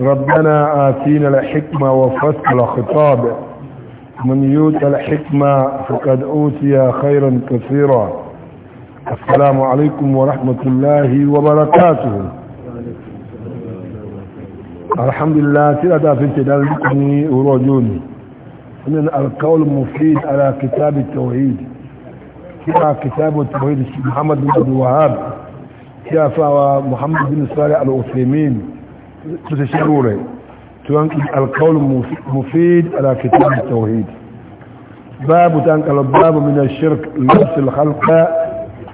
ربنا آتينا الحكمة وفصل الخطاب من يوت الحكمة فقد أوتي خيرا كثيرا السلام عليكم ورحمة الله وبركاته الحمد لله سيدا في تدلقني ورجوني من القول المفيد على كتاب التوحيد كما كتاب التوحيد محمد بن عبد الوهاب كما محمد بن صالح الأسلمين تشيروا لي تنقل القول مفيد على كتاب التوحيد باب تنقل الباب من الشرك لبس الخلق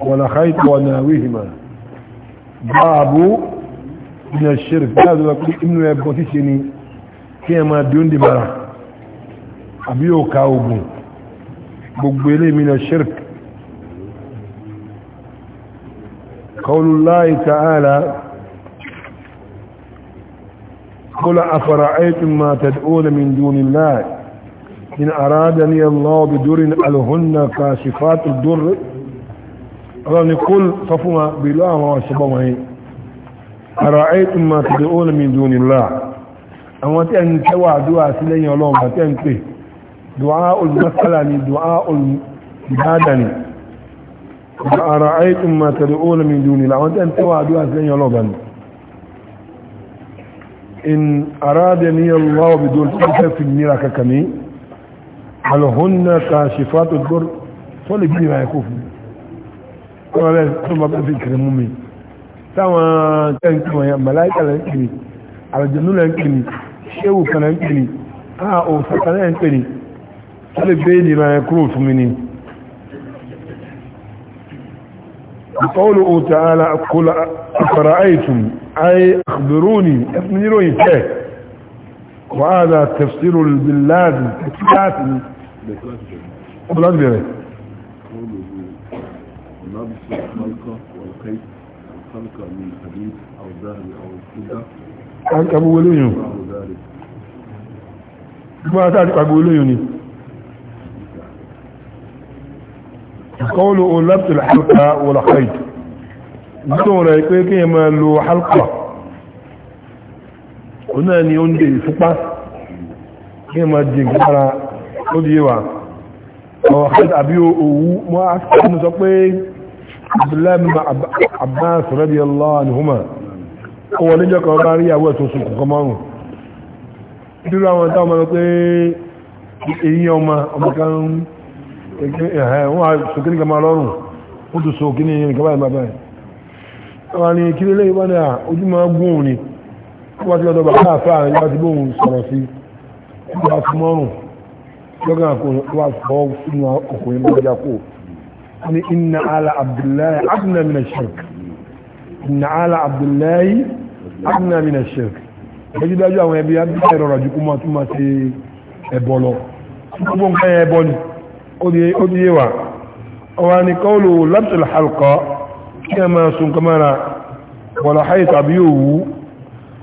ولا خيط وناويهما باب من الشرك هذا يقول ابن يبقتشني كما دون دي مرة أبيو كاوبو بقبلي من الشرك قول الله تعالى قل أفرأيتم ما تدعون من دون الله إن أرادني الله بدر ألهن كاشفات الدر أراني قل صفوها بالله وصبوه أرأيتم ما تدعون من دون الله أما تأني كوا دعاء الله ما تأني دعاء المسألة دعاء البادني أرأيتم ما تدعون من دون الله أما تأني توا دعاء سلين الله إن أرادني الله بدون تلك في النيرة ككمي هل هن كاشفات الضر طول جدي ما يكوفني قال لا ثم بأس الكرمومي سوى تنكما ملايكة لنكني على الجنة لنكني شيوك لنكني ها أو سكنا لنكني طول بيني ما يكوفني قوله تعالى قل أفرأيتم أي أخبروني أفنيروني كيف وهذا تفسير البلاد التكتات بلاد بيري لبس الخلقة والقيد الخلقة من حديد أو ذهب أو فضة عنك أبو وليون ما تعرف أبو وليون قوله لبس الحلقة ولا خيط nítorí rẹ̀ pé kí ẹ máa lo halqa ó náà ni oúnjẹ ìfúpá kí ẹ máa jẹ ìgbára ó di yíwa ọ̀ hajj àbí òwú mọ́ aṣíkàmù sọ pé abdullahi abbas radiyallahu anhuma ó wọlé jọ kan bá rí àwọ̀ tó sùn kọ̀kọ́ márùn nítorí àwọn táwọn máa pé èyí ọmọ ọmọ kan Eh, eh, wọ́n á sókè ní kama lọ́rùn wọ́n tó sókè ní ìrìn kaba ìgbà báyìí àwọn ni kí lélẹ́yìn wọ́n ní à ojú máa gún òun ni wọ́n ti lọ́dọ̀ bàbá àfà àwọn ìyá ti bóun sọ̀rọ̀ sí wọ́n bá fún mọ́rùn lọ́gàn àkó wà fọ́ sínú inna ala abdullahi adna mina shirk inna ala abdullahi adna mina shirk ẹjú dájú àwọn ẹbí abdullahi rọrọ̀ ju kó máa tún máa ṣe ẹbọ lọ gbogbo nǹkan ẹbọ ni odiyewa wa ni kọlu labsul halqa kí a máa sun kamara wàlá hayi tàbí yóò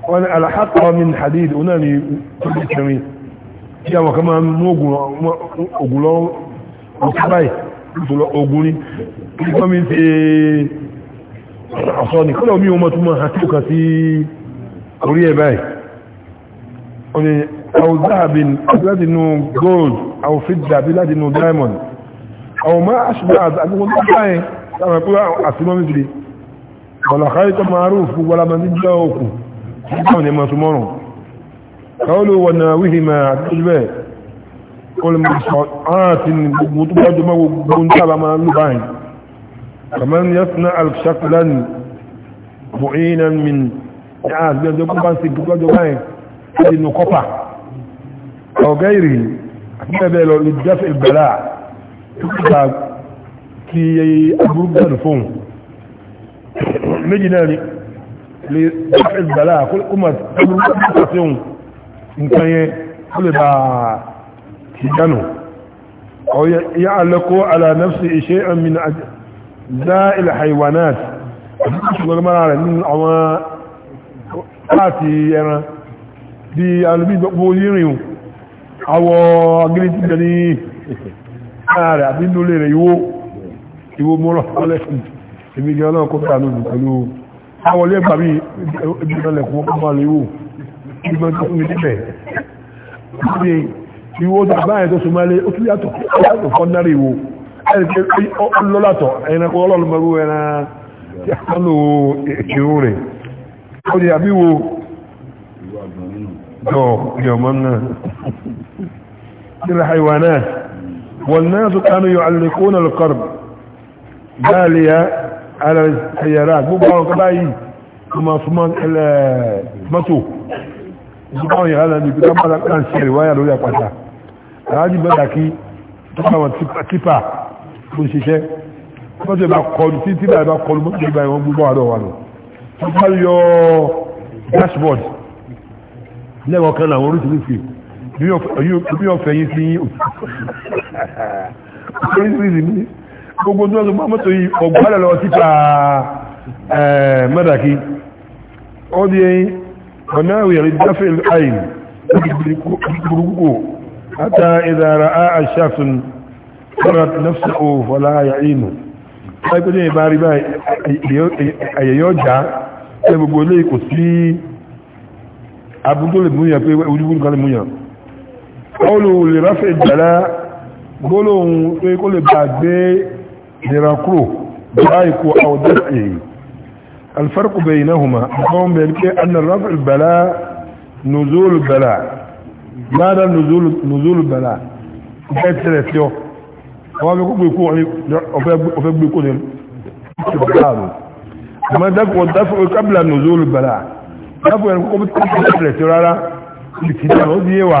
wọ́n ni alhaqqa min hadid ọ̀nà ni kúrò kẹrin kí a wọ́n kama mú ogun lọ ọ̀kábáyì ogun ni kí kọ́ mi ti ọ̀sọ́ ni kọ́lọ̀ mi wọ́n mọ́ túnmọ̀ àti òkà sí orí ẹ̀ او ذهب بلاد نو جولد او فضة بلاد نو دايموند او ما اشبه اقول ايه كما يقول اسمه مثلي ولا خيط معروف ولا من جاوكو كانوا ما سمروا قولوا وناوهما الجبال قول مصطعات مطبعات ما قنطلع ما نبعين كمان يصنع شكلا معينا من عاد بيان دي كوبان سي بوكو دوباين هذه نقطه أو غيره أبدا لو لدفع البلاء تبقى كي أبرد الفون مجناني لدفع البلاء كل أمة أبرد الفون إن كان كل ما تجانه أو يعلق على نفس شيئا من داء الحيوانات أبدا ما على من أما آتي أنا دي أنا بيبقى بوليريو àwọ̀ agírí ti jẹ ní ààrẹ àti nílé rẹ̀ ìwó ìwó mọ́rọ̀ ọlẹ́ ìbí jẹ́ ọlọ́run kó fẹ́ràn lóòrùn pẹ̀lú àwọlé ẹgbà mi ibi ìrọlẹ̀ kún ọkọ̀ máa lè wò ibi mọ́ tó ń gbé níbẹ̀ ṣe ìwó tó bá yẹn tó so máa lé ó tún yàtọ̀ yàtọ̀ fọ́ndárì ìwó ẹni pé ọlọ́látọ̀ ẹni kọ́ ọlọ́run mọ́rú ẹran الحيوانات والناس كانوا يعلقون القرب بالية على السيارات مو بعض قبائي ثم إلى متو سبحان يهالا دي كتاب على كان سيري ويا لويا قتا هذه بدكي تقوى تيبا بوشيشه wọ́n ti bá kọlu tí tí báyìí bá kọlu mọ́ ìgbà ìwọ̀n gbogbo àdọ́ wa lọ wọ́n bá yọ dashboard lẹ́wọ̀n kan náà wọ́n rí tìlú fèé bí ọ̀fẹ́ yín sí oríṣiríṣi ní gbogbo tó ọdún mọ́tò yìí ọgbọ́lẹ̀ lọ síta mẹ́dàkí ó di ẹyìn ọ̀nà ìrìn dáfẹ́ àìyìn burúkú hátà ìdára àṣàfin fọ́nàt náfẹ́ ò fọ́lá àyàínù láìpẹ́jẹ́ ìbá rí bá àyẹ̀yọ́ já ẹ gbogbo ilé kò sí abúgbó lè múyàn pé ojúgbó nǹkan lè múyàn قوله لرفع البلاء قولهم يقول بعد لركوه دعائك أو دفعه الفرق بينهما قوم بينك أن الرفع البلاء نزول البلاء ماذا نزول نزول البلاء بيت ثلاثة wọ́n fi kúkú ikú ọ̀fẹ́ gbé kó ní ṣùgbọ́n àmọ́ dákùn ọ̀dáfẹ́ kábìlà nùzó olùbàlá dákùn ẹ̀rọ kọ́kọ́ bí kọ́kọ́ bí kọ́kọ́ rẹ̀ tí rárá ìtìjà ló di yé wa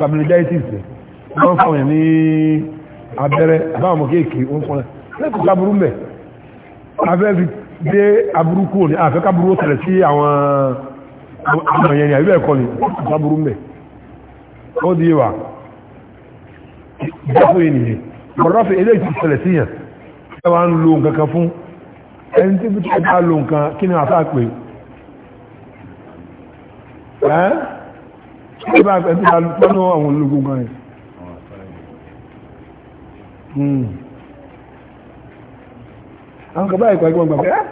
familiaritis wọ́n fáwọn ní abẹ́rẹ́ àbáwọn ọmọ kéèkì ó ń fọ́n lẹ́kùn káburú mẹ́ afẹ́ fi dé aburú kúrò ní àfẹ́ káburú ó sí àwọn àmọ̀yẹn ni àbíbẹ̀ ẹ̀kọ́ ni káburú mẹ́ ó di wà jẹ́fún ènìyàn ọ̀rọ̀fẹ́ ilé ìtì tẹ̀lẹ̀ sí yàn ẹ wá ń lo nǹkan kan fún ẹni tí bí tẹ́ bá lo nǹkan kí ni àfáà pé ẹ́ ẹ bá ẹ ti lọ́nà àwọn ológun gan ẹ̀ hmm. àwọn kàbá ìkọ̀ ẹgbọ́n gbàgbé ah!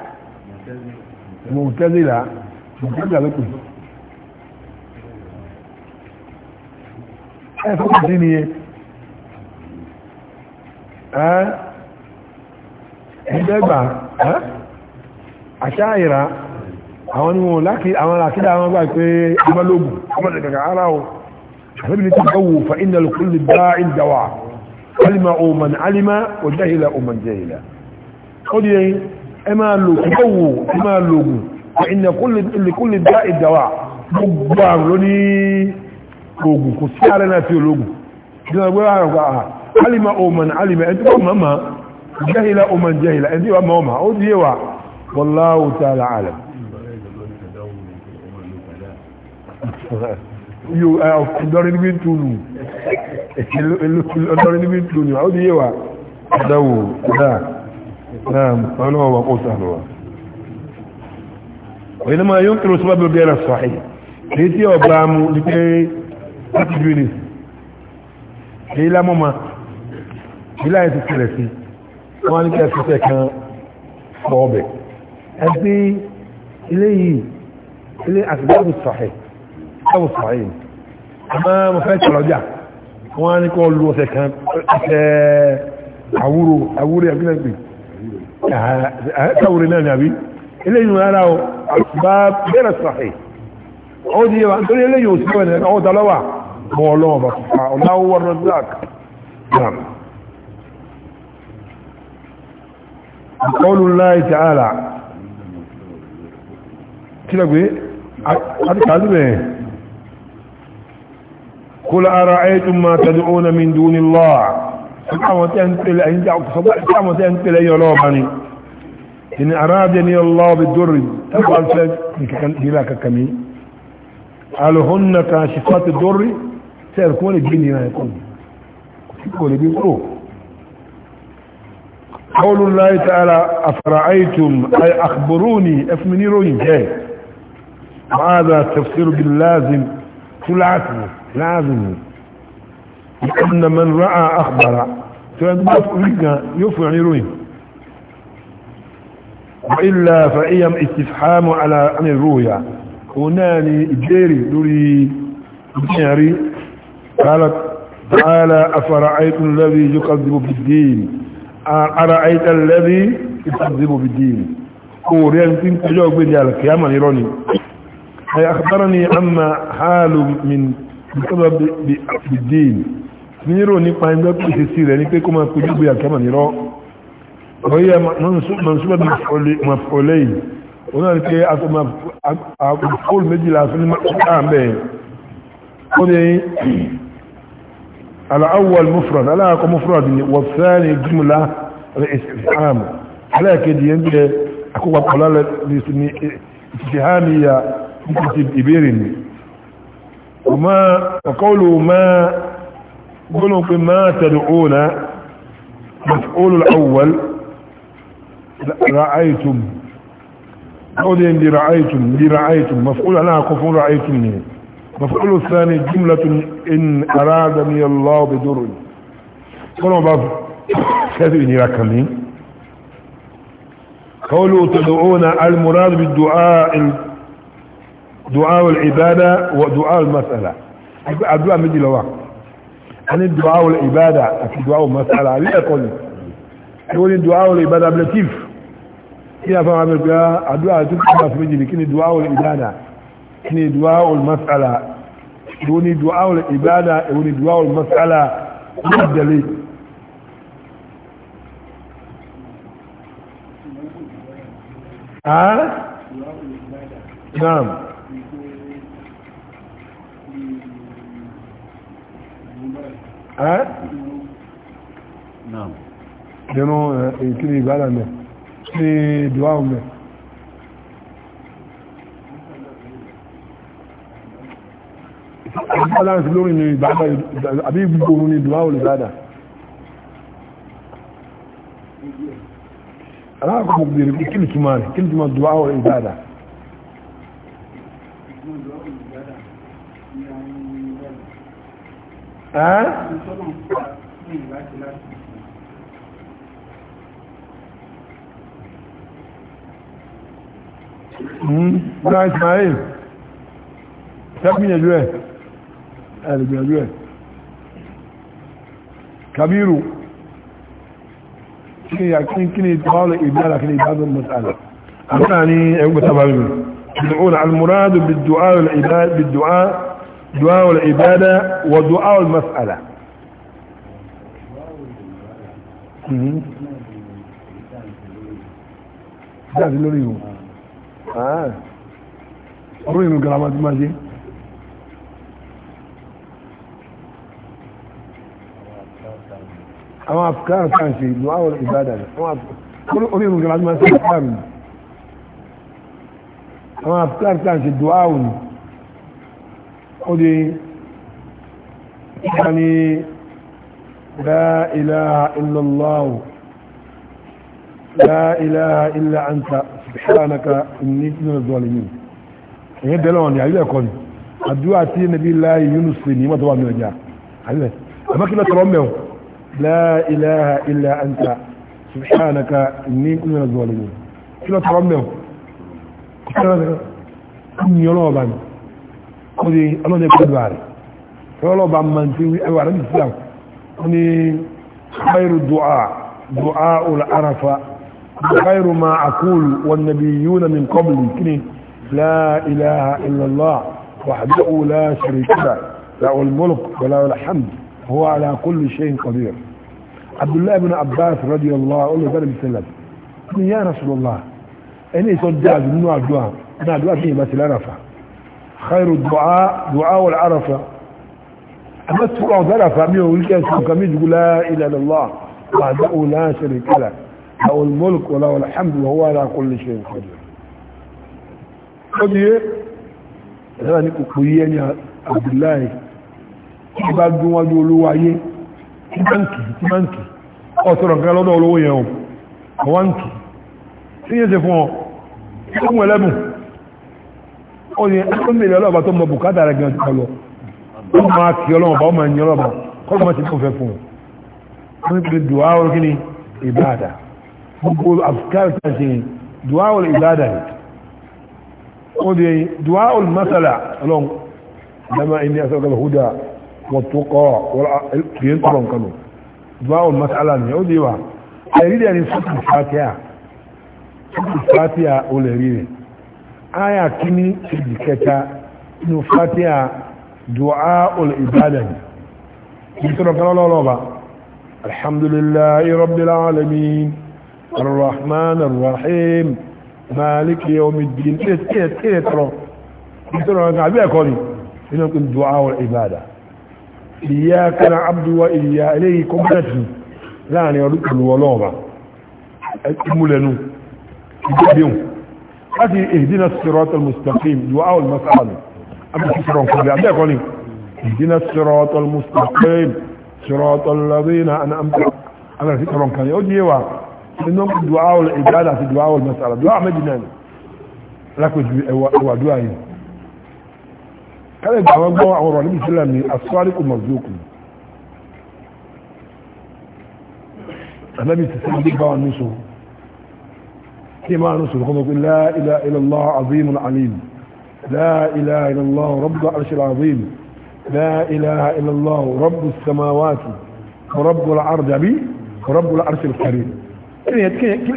ẹ́ mọ̀ tẹ́lẹ̀lá mọ̀ tẹ́lẹ̀lá lókùn ẹ sí ni ẹ ẹ́ ẹgbẹ́gbà ẹ́ àṣáyìrá àwọn ni wọn láti àwọn àkídà àwọn gbà pé amálógún ọmọdé kàkà ara o àfẹ́bí ní ti gbọ́wò fa iná lùkúlù bá ìdáwà alima oman alima o jahila oman jahila ó di yẹn ẹ máa lò gbọ́wò ẹ máa lògùn fa iná lùkúlù bá ìdáwà gbogbo àrùn ló ní ogun kò sí ààrẹ náà tí ológun Uh, ọ̀dọ́rin níbi túnú ọ̀dọ́rin níbi túnú àwọn òdíyẹ wa dáwò dáa náà ọlọ́wọ́ wa kó sàrọ̀ wa ọ̀yẹ́nà máa yóò kìrò sọ́bàbí ọdún ẹ̀rọ sọ́hì ní tí ọba mú ní pé láti bí ní èyí lámọ́mà ìlà ẹ̀ ti tẹ̀lẹ̀ sí wọ́n ní kí ẹ̀sọ́sẹ̀ kan fọ́ ọbẹ̀ ẹ̀ ilé yìí ilé àtìgbẹ́ ẹwọ sọ̀rọ̀ àmọ́ mo fẹ́ sọ̀rọ̀ wọ́n á ní kọ́ lu ọ̀sẹ̀ kan ọ̀sẹ̀ àwúrò àwúrò àbílẹ̀ pè náà ni àbí eléyìí rárá o bá bẹ̀rẹ̀ sọ̀rọ̀ ó di ẹwà nítorí eléyìí ò sí ọ̀nà ọ̀dà lọ́wà ọlọ́wọ́ bá fà قل أرأيتم ما تدعون من دون الله سبحانه وتعالى يلوبني إن أرادني الله بالدر تقال فلاك كمين قالوا هن كاشفات الدر سيركون الجن ما يكون يقول بيقولوا قول الله تعالى أفرأيتم أي أخبروني أفمني رؤيا ماذا تفسير باللازم ثلاثه لازم لأن من راى اخبر يفعل يفعلون وإلا فإيام استفحام على عن الرؤيا هناني الديري دوري الديري قالت تعالى أفرأيت الذي يكذب بالدين أرأيت الذي يكذب بالدين قول يعني تنتجوك بدي على يروني أخبرني عما حال من بسبب الدين نيرو ني باندو سيسير ني بي كما كوجو يا كما نيرو وهي منصوبة مفعولين ona ni pe akọl méjìlá fún ààbẹ̀ ó ní al'awwal mufrad aláàkọ mufrad ni wàtsáàni jùmùlá rẹ̀ ìsìnkú aláàkẹ́ di yẹn jẹ́ akọ́gbàpọ̀lá rẹ̀ ní ìsìnkú nítorí ìbéèrè وما وقوله ما قولوا gbọ́nà تدعون مفعول الأول رأيتم قولي اللي رأيتم اللي رأيتم مفعول أنا كفر رأيتمني مفعول الثاني جملة إن أرادني الله بدر قولوا باب يا كمين قولوا تدعون المراد بالدعاء دعاء العبادة ودعاء المسألة الدعاء مجي لواء عن الدعاء العبادة في دعاء المسألة ليه قولي يقول الدعاء والعبادة بلتيف يا فهم عمرك الدعاء تبقى في مجي لكن الدعاء العبادة. كن دعاء المسألة يقول دعاء العبادة يقول دعاء المسألة مجي ليه ها نعم dínú ìkírí ìgbàlà mẹ́ sí ìdíwáhùn mẹ́ balance lórí ni ìbáda àbí gbogbo ní ìdúwà olùbádà aláàkọ̀ọ́ gbèrè kí ní túnmà rẹ̀ kí ní túnmà ìdúwà olùbádà Hmm, Bọ́lá Ismail, ṣẹ́gbìyànjú ẹ̀, ẹ̀lẹ̀gbìyànjú ẹ̀. Kabiru, kí ni kí ni tọ́lọ̀ ìdára kí ni ìbádọ́ mọ̀sálà. Àmúnà ni ẹgbẹ̀ta bá rí mi. Ṣùgbọ́n al-muradu bid دعاء العبادة ودعاء المسألة jáde lórí ìrùn ọ̀rọ̀ ìrùn gara máa ti máa ṣe àwọn afghan kan ṣe ìlú àwọn ìbádà orí ìrùn gara máa ṣe ìpáàrùn àwọn afghan kan ṣe dùn áwùn ó dé ìgbà ní la ilaha illallah la ilaha illa anta subhanaka inni kunna zalimin èyí bẹ̀rẹ̀ wọn ni àyílẹ̀ kọ́ ni àdúrà tí nàbí láì Yunus lè ní mọ́tò wà ní ọjà àyílẹ̀ àmọ́ kí ló tọrọ mẹ́wọ̀n la ilaha illa anta subhanaka inni kunna zalimin kí ló tọrọ mẹ́wọ̀n kí ló tọrọ mẹ́wọ̀n خير الدعاء دعاء العرفة خير ما أقول والنبيون من قبل كني لا إله إلا الله وحده لا شريك له له الملك ولا الحمد هو على كل شيء قدير عبد الله بن عباس رضي الله عنه قال بسلم يا رسول الله اني صدق من نوع الدعاء انا دعاء فيه بس لا رفع خير الدعاء دعاء العرفة أما تقول ذرفة ميه والكاسم كميز يقول لا إله إلا الله وحده لا شريك له له الملك وله الحمد وهو على كل شيء قدير قدير ذلك قيان يا عبد الله بعد ما جولوا عليه تبانكي تبانكي ọ̀tọ̀rọ̀ nǹkan lọ́dọ̀ olówó yẹn o àwọn ń kì í ó ní ẹgbẹ́mìlẹ̀ ọlọ́ọ̀bá tó mọ bùkátà rẹ̀ gan lọ ó máa kí ọlọ́ọ̀bá ó máa yìn ọlọ́ọ̀bá kọ́lọ́ máa ti tó fẹ́ fún un wọ́n ti dùá ó kí ni ìbáàdà gbogbo àfikàrìtà ṣe dùá ó ìbáàdà rẹ̀ ó di dùá ó mọ́sálà ọlọ́run lẹ́mà ilé asọ́gbà húdà wọ́n tó kọ́ kìí tọrọ nǹkan dùá ó mọ́sálà ni ó di wa ẹ̀rí dẹ̀ ni aya kini èjì kẹta inú fatiha du'a ul-ibadah nítorọ̀ kan lọ́lọ́ba alhamdulillahi rabbil alamin arrahman arrahim maliki yawmiddin tíyẹ tọrọ nítorọ̀ kan àbí ẹ̀kọ́ ni inú kí du'a ul-ibadah iyyaka na'budu wa iyyaka ilayka kọ́mọ̀tì láàrin ọdún pẹ̀lú ọlọ́ọ̀ba ẹ̀kúmúlẹ̀nu ìgbẹ́bíhùn láti ìdínà sírọ́tọ̀ mustaqim du'a al-mas'ala abúkìsọ̀rọ̀ kò lè abẹ́ẹ̀kọ́ ni ìdínà sírọ́tọ̀ mustaqim sírọ́tọ̀ lọ́rìnà abẹ́ẹ̀kọ́ kan yóò díẹ̀ wà nínú du'a al-ibada àti du'a al-mas'ala du'a méjìlá ni lákòjú ẹwà du'a yìí kálẹ̀ àwọn gbọ́ àwọn ọ̀rọ̀ níbi sílẹ̀ ni aswariku wọn ní sọ́wọ́ كما نسل خمس لا إله إلا الله عظيم عليم لا إله إلا الله رب العرش العظيم لا إله إلا الله رب السماوات ورب العرض بي ورب العرش الكريم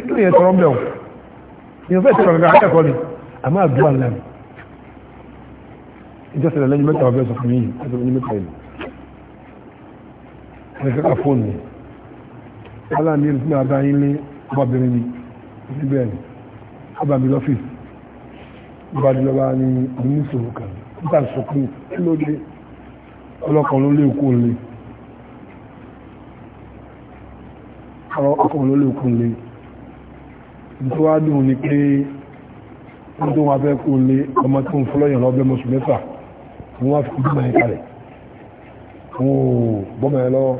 كل يترم له ينفسر من أعطاك قولي أما أدوان لهم إنت أسأل لن يمتع في سخمين هذا من يمتع إلي أنا كأفوني على أمير اسمي أربعين لي أبابرني níbẹ̀ ni ọbàmí lọ́fíìsì ìbádìlọ́wà ni oníṣòro kan nígbà sọkún kí ló dé ọlọ́kan ló lé òkú lé ọlọ́kan ló lé òkú lé tó wá dùn ní pé wọ́n tó wọ́n fẹ́ kú lé ọmọ tó ń fọlọ́yàn lọ́bẹ̀ mọ́sù mẹ́fà wọ́n wá fi bímọ ẹ̀ kalẹ̀ wọ́n ò bọ́mọ ẹ̀ lọ́wọ́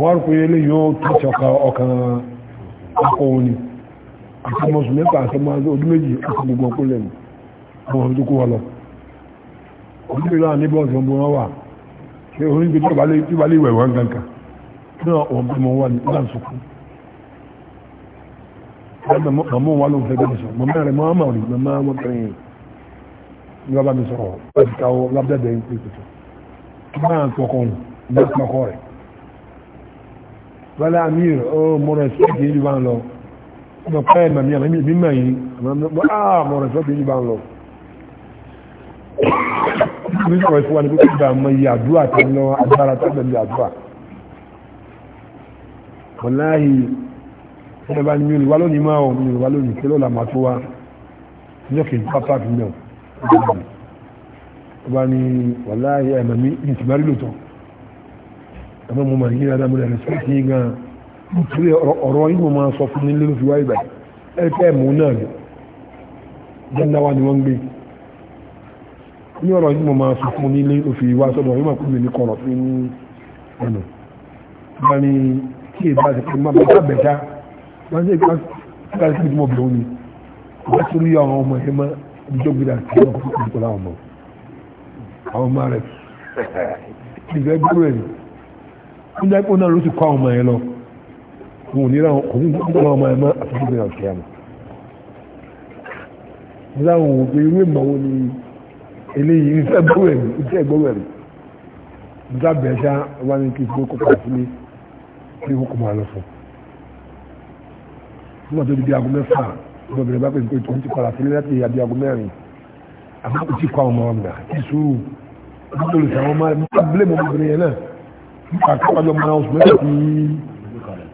wọ́n rò pé eléyìí ó tó ọkàn ọkọ̀ òní àtọmọ oṣù mẹ́fà àtọmọ ọdún méjì àti gbogbo ọkọ lẹ́nu àwọn ọdún kó wà lọ ọdún méjì náà ní bọ́ọ̀sì wà ṣe orí ibi tí balẹ̀ ìwẹ̀ wọn ganka náà wọn bí wọn wà ní ìlànà sọkún màmú wa ló ń fẹ́ bẹ́ẹ̀ sọ màmá rẹ̀ máa mà rí màmá wọn kẹrin ní bàbá mi sọ̀rọ̀ wọ́n ti káwọ́ lábẹ́dẹ̀ ń pè tuntun kí máa tọkọ nù ní ọkọ rẹ̀ amir ó mọ̀rọ̀ ọmọ káyẹ̀ màmí àmì mímọ̀ yìí àmọ́ ah, rẹ̀ sọ́bí yìí bá ń lọ ní sọ̀rọ̀ ìfún wa ní kókò ìgbà mọ iye àdúrà tó ń lọ agbára tó bẹ̀rẹ̀ àdúrà wọláhì ẹ̀rọ bá ní mi olùwà lónìí máa ọ̀ mi olùwà lónìí kí lọ́la máa tó wá ní ọ̀kẹ́ ìgbà pàtàkì náà ọba ní wọláhì ẹ̀mọ̀ mi ní ìtìmárì lòtọ̀ ẹ̀mọ̀ mo mà ní ìrádá mo rẹ̀ rẹ̀ sọ́ọ̀tì yìí gan nítorí ọ̀rọ̀ yìí mo máa sọ fún ní lórí wáyé báyìí ẹ̀ẹ́kẹ́ mú náà ni jẹ́ndáwá ni wọ́n ń gbé ní ọ̀rọ̀ yìí mo máa sọ fún ní lórí wá sọ́dọ̀ yìí máa kú mi ní kọ̀rọ̀ sí ní ẹnu bá ní kí èdè àti pé máa bá bẹ̀dá wọ́n sì ká ká sí ìdúmọ̀ bí omi wọ́n ti rí àwọn ọmọ yẹn mọ́ ìjọba àti ìjọba kó kó kó ọmọ àwọn ọmọ rẹ̀ ìfẹ́ gbúrò ẹ̀ àwọn ọmọ yẹn lọ kò ní ráhùn kò ní gbọ́dọ̀ ọmọ ẹ̀mọ́ àtúntò náà kí á mọ̀ mo dáhùn wò pé irú ìmọ̀ wo ni eléyìí iṣẹ́ gbọ́wẹ̀ rí iṣẹ́ gbọ́wẹ̀ rí mo dábẹ̀ ẹ̀ṣá wá ní kí n kó kópa sílé kí n kó máa lọ fún un nígbà tó di bí aago mẹ́fà ọmọbìnrin bá pèsè pé tòun ti padà sílé láti ìyá bí aago mẹ́rin àbúkù tí kọ àwọn ọmọ ọmọ àti sùúrù olùsàwọn máa bílẹ̀ mọ́ ọmọbìnrin yẹn náà nípa kápájọ́ máa ń sùn mẹ́ta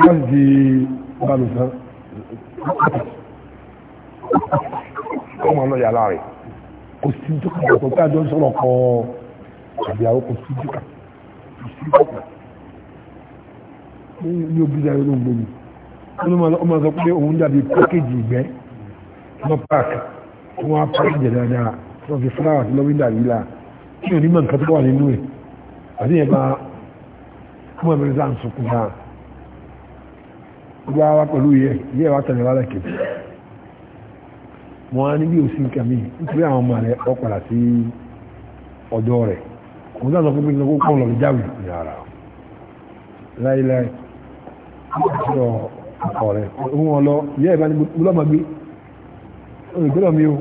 wọ́n di balùsán ọmọ náà yàrá rẹ̀ kò sí tó kàn kò tá a jọ ń sọ̀rọ̀ kọ́ àbíyàwó kò sí tó kàn kò sí tó kàn ní òbí dáa yóò gbé mi ọmọ sọ pé òun dàbí pákéjì ìgbẹ́ ọmọ páàkì tí wọ́n á pákéjì dáadáa tí wọ́n fi fúláwà sí lọ́wọ́ ìdàrí la kí onímọ̀ nǹkan tó wà nínú ẹ̀ àti yẹn bá ọmọ mi sá ń sunkún náà gbá wá pẹ̀lú yẹ yẹ wá tẹ̀lé wá lẹ́kẹ̀ wọn á níbi òsì nǹkan mi nítorí àwọn ọmọ rẹ ọ padà sí ọ̀dọ̀ rẹ̀ kò dáná fún mi lọ́kọ́ kọ́ lọ́ọ́ jáwé yàrá láíláí ọ̀dọ̀ ọkọ rẹ̀ òun ọlọ yẹ ẹ̀ bá ní gbọ́dọ̀mọ́gbé olùgbọ́dọ̀ mi o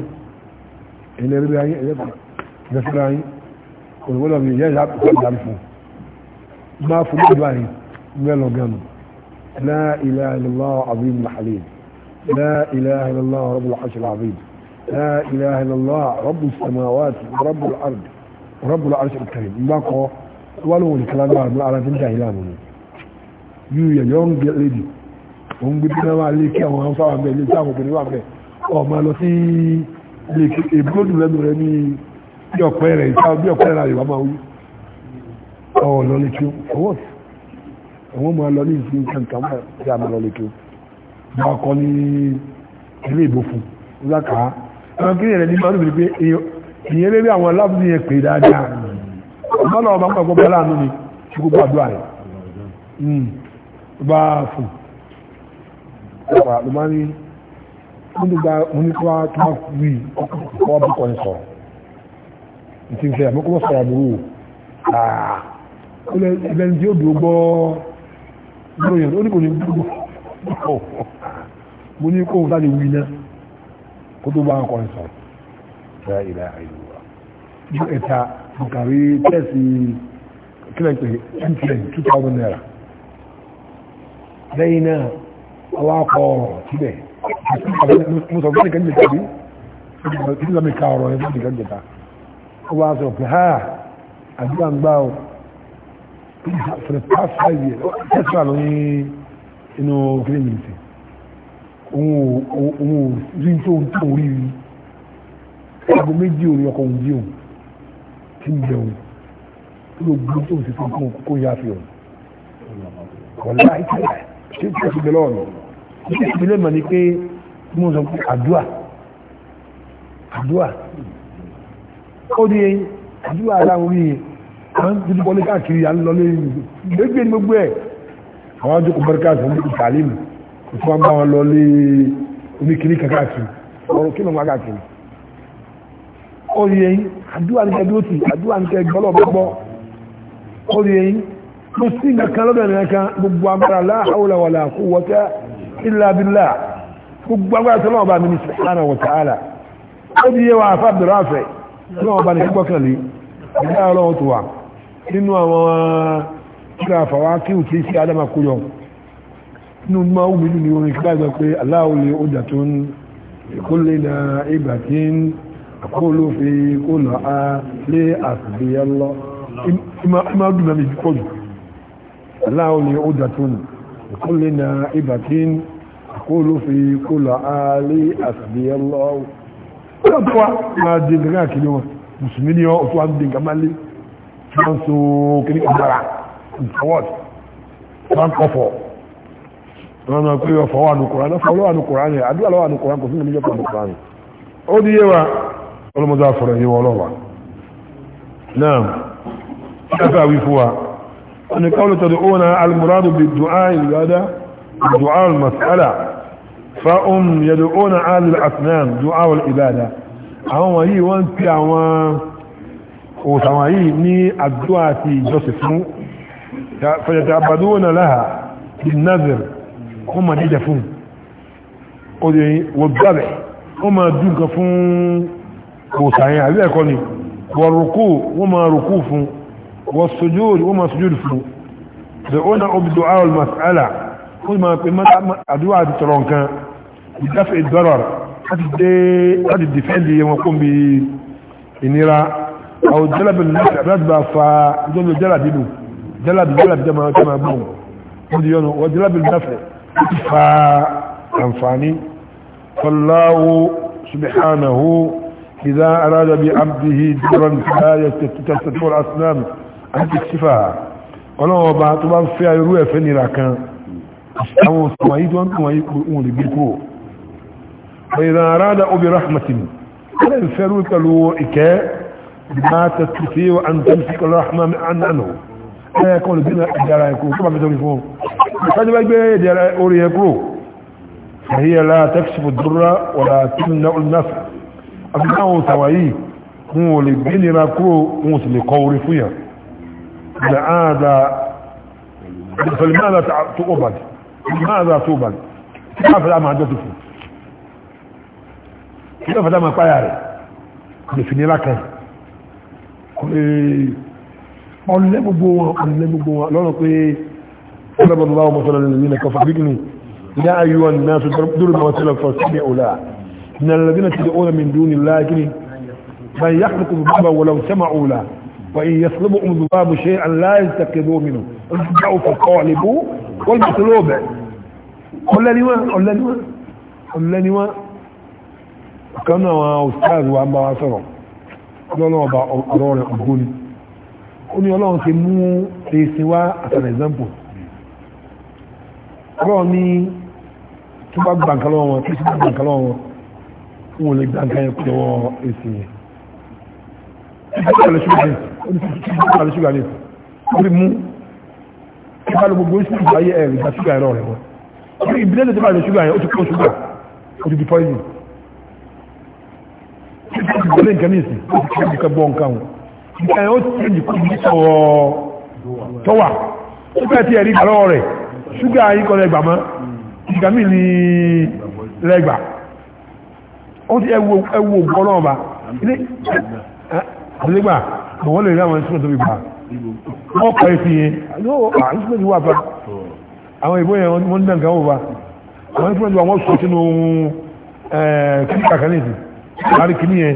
ilẹ̀ rírẹ ayé ẹ̀yẹ́kọ̀ ìgbẹ́sẹ̀rẹ̀ ayé olùgbọ́dọ̀ mi yẹ ìyá àpòkọ́ ìdàrí fún un máa fún mi ìdúrà yìí mẹ́lọ̀ gan-an لا إله إلا الله عظيم الحليم لا إله إلا الله رب العرش العظيم لا إله إلا الله رب السماوات ورب الأرض ورب العرش الكريم مباقو ولو الكلام عن الأعراف الجاهلان يو يا يونغ ليدي òun gbé bí náà lè kí àwọn ọmọ àmì ilé tí àwọn obìnrin wà bẹ̀ ọmọ lọ sí ìbúlódù lẹ́nu rẹ̀ ní bí ọ̀pẹ́ rẹ̀ ìsáwọ́ bí ọ̀pẹ́ rẹ̀ àyíwá máa àwọn ọmọ ẹlọ ní ìsìn kankan mọ́ sí àmàlọ́ lẹ́kẹ́ bá kọ́ ní ilé ìbò fún lákà á ẹran kí ẹ̀rẹ́ ní máa rúbi pé ìyẹn lérí àwọn aláàbùdí yẹn pè dáadáa ọmọlọ ọmọ pàpọ̀ bá láàánú ni tí kò hmm, bá dúà rẹ̀ bá fún ọ̀pá ló máa ní wọ́n ti gba mo ní kí wọ́n tó máa wí ọkọ̀ ọkọ̀ ń sọ̀rọ̀ ní ti ń fẹ́ àmọ́kọ́ sọ̀rọ̀ àbúrò ó lẹ́ tí ó dùn gbọ́ gbọ́yàn ó ní kò ní gbogbo mo ní kóhun láti wí náà kó tó bá ọkọ̀ ìsọ̀ ṣe ilẹ̀ ní ẹ̀ta bukari tẹ́sí kílẹ̀pẹ̀ mtn 2000 naira lẹ́yìn náà awakọ̀ síbẹ̀ mo sọ fún nìkan jẹta bí ìdílé mi ká ọ̀rọ̀ ẹ̀ fún nìkan jẹta for the past five years tẹ́sílà ló ní inú green ministry òun ò rí tó ń tó rí rí aago méjì òun ọkọ̀ òun jí òun tí ń jẹun tó ló gbé tó ń ṣe fún kókó yá fi òun wọ̀lá ìtàlá ṣé tí wọ́n ti bẹ̀rẹ̀ ọ̀nà ṣé ti bẹ̀rẹ̀ mọ̀ ni pé mo sọ pé àdúà àdúà ó ní àdúà aláwọ̀ yìí àwọn ti di bọ́lé káàkiri à ń lọ lẹ́yìn gbégbé ní gbogbo ẹ̀ àwọn àjọkò bẹ́rẹ̀ káàkiri ní ìtàlẹ́ mi kò tí wọ́n bá wọn lọ lé oníkiri káàkiri ọ̀rọ̀ kí ló ń wá káàkiri. ó rí ẹyin àdúrà ní kẹdúró tì àdúrà ní kẹgbọ́lọ̀ gbọ́ ó rí ẹyin mo sì ń kankan lọ́dọ̀ ní kankan gbogbo agbára la hawla wala quwwata illa billah gbogbo agbára sọ́nà ọba mi ní subhanahu nínú àwọn kíra àfàwà kí ò tí sí adama kóyọ nínú máa wù nínú orin kí báyìí pé aláwọ̀ lè ó jà tó ń kó lè na ìgbà tí ń kó ló fi kó lọ a lé àtìlẹyà lọ ìmá dùn mi pọ̀ jù aláwọ̀ lè ó jà tó ń kó lè na ìgbà tí ń kó ló fi kó lọ a lé àtìlẹyà lọ. ó yà tó wa máa di nǹkan káàkiri wọn mùsùlùmí ni ó tó wá ń di nǹkan máa lé tí wọ́n so kiri ìgbàra ìfọwọ́d wọ́n kọ́ fọ́ wọ́n máa pé ọ̀fọ́ wà ní kùránì ọ̀fọ́ lọ́wọ́ ní kùránì àdúrà lọ́wọ́ ní kùránì kò sí ìlú ìjọba ní kùránì ó di yé wa ọlọ́mọdé àfọ̀rọ̀ yé wa ọlọ́wà náà ṣẹ́fẹ́ àwí fún wa wọ́n ni káwọn tọ́jú ó na bi du'a ìgbàdá du'a mas'ala fa'um yadda ó na alil asnan du'a wal ibada àwọn wọ̀nyí wọ́n ti àwọn òsàwọn yìí ní àdúrà àti ìjọsìn fún fẹ̀yẹ̀tẹ̀ àbàdúwò náà láhà bí nazir wọ́n ma dídẹ̀ fún òdè wọ́gbàbẹ̀ wọ́n ma dùn kan fún òsàyìn àbí ẹ̀kọ́ ni wọ́n rùkú wọ́n ma rùkú fún wọ́n sojúdì wọ́n ma sojúdì fún the owner of the du'a mas'ala wọ́n ma pe àdúrà àti tọrọ nǹkan ìdáfẹ́ ìdọ́rọ̀ láti dé láti dìfẹ́ndì ìnira àwọn jẹ́lẹ̀bẹ̀ lọ́dọ̀ fa jọ́lọ jẹ́lẹ̀bì nù jẹ́lẹ̀bì jẹ́lẹ̀bì jẹ́ máa tẹ́mà gbọ́n wọ́n di yọ́nà wọ́n jẹ́lẹ̀bì lọ́fẹ̀ fa àǹfààní fọláwó subhanahu إذا أراد بعبده درا فلا يستطيع الأصنام أن تكشفها ọlọ́wọ́ ọba tó bá ń fẹ́ irú ẹ̀fẹ́ nira kan àwọn ọ̀sọ̀wọ̀nyí tó ń tún wọ́n òun lè ما تستطيع أن تمسك الرحمة عن عنه لا يكون لدينا إدارة يكون كما بتعرفون قد يبقى إدارة أوري يكون فهي لا تكشف الضرة ولا تمنع النفع أبناء سوائي هو لبين راكو موسى لقوري فيها لهذا فلماذا تؤبد لماذا تؤبد كيف الأمر عدته كيف الأمر قياري بفني لك ọ̀lẹ́ gbogbo wọn ọ̀lẹ́ gbogbo wọn lọ́nà pé ọlọ́bọ̀lọ́wọ́ mọ́sánà lẹ́lẹ́lẹ́ kọfà gígùnù ya ayyuwa na su dúró ma wata lafa sí ọ̀la na lalazina ti da ọ̀la min duni lagini ban ya kàkù bàbá wàlá sama ọ̀la wa in yaslubu um lọ́lọ́wọ́ bá ọ̀rọ̀ rẹ̀ ògbó ni ó ní ọlọ́run ti mú èsì wá as an example ọlọ́run ní tó bá gbàǹkà lọ́wọ́ wọn tó sì bá gbàǹkà lọ́wọ́ wọn fún wọn lè gbàǹkà yẹn kú lọ́wọ́ èsì yẹn ìgbàlẹ̀ ṣúgbà ní ìgbàlẹ̀ ṣúgbà ní orí mú ìgbàlẹ̀ gbogbo ìṣúgbà ayé ẹ̀rì ìgbà ṣúgbà ẹ̀rọ rẹ̀ wọn ìbílẹ̀ tó bá lè ṣúgbà yẹn ó ti kó ṣúgbà tẹ̀lé nǹkan nìsí ó ti kí nǹkan bọ́ nǹkan wọn nǹkan ó ti tẹ̀lé kú ní sọ̀rọ̀ tọ́wà ó fẹ́ ti ẹ̀rí ìgbàlọ́wọ́ rẹ̀ ṣúgà yìí kọ́ lẹ́gbà mọ́ nǹkan mìí ní lẹ́gbà ó ti ẹwu ẹwu ògbọ́ náà bá ilé àlégbà àwọn lè rí àwọn ìṣúná tóbi gbà wọ́n kọ́ ìfi yẹn ìṣúná ti wà fa àwọn ìbò yẹn wọ́n ń dàn kan wò fa àwọn ìṣúná ti wà wọ́n sọ sínú kíkà kan nìsí láàrin kìnìyẹn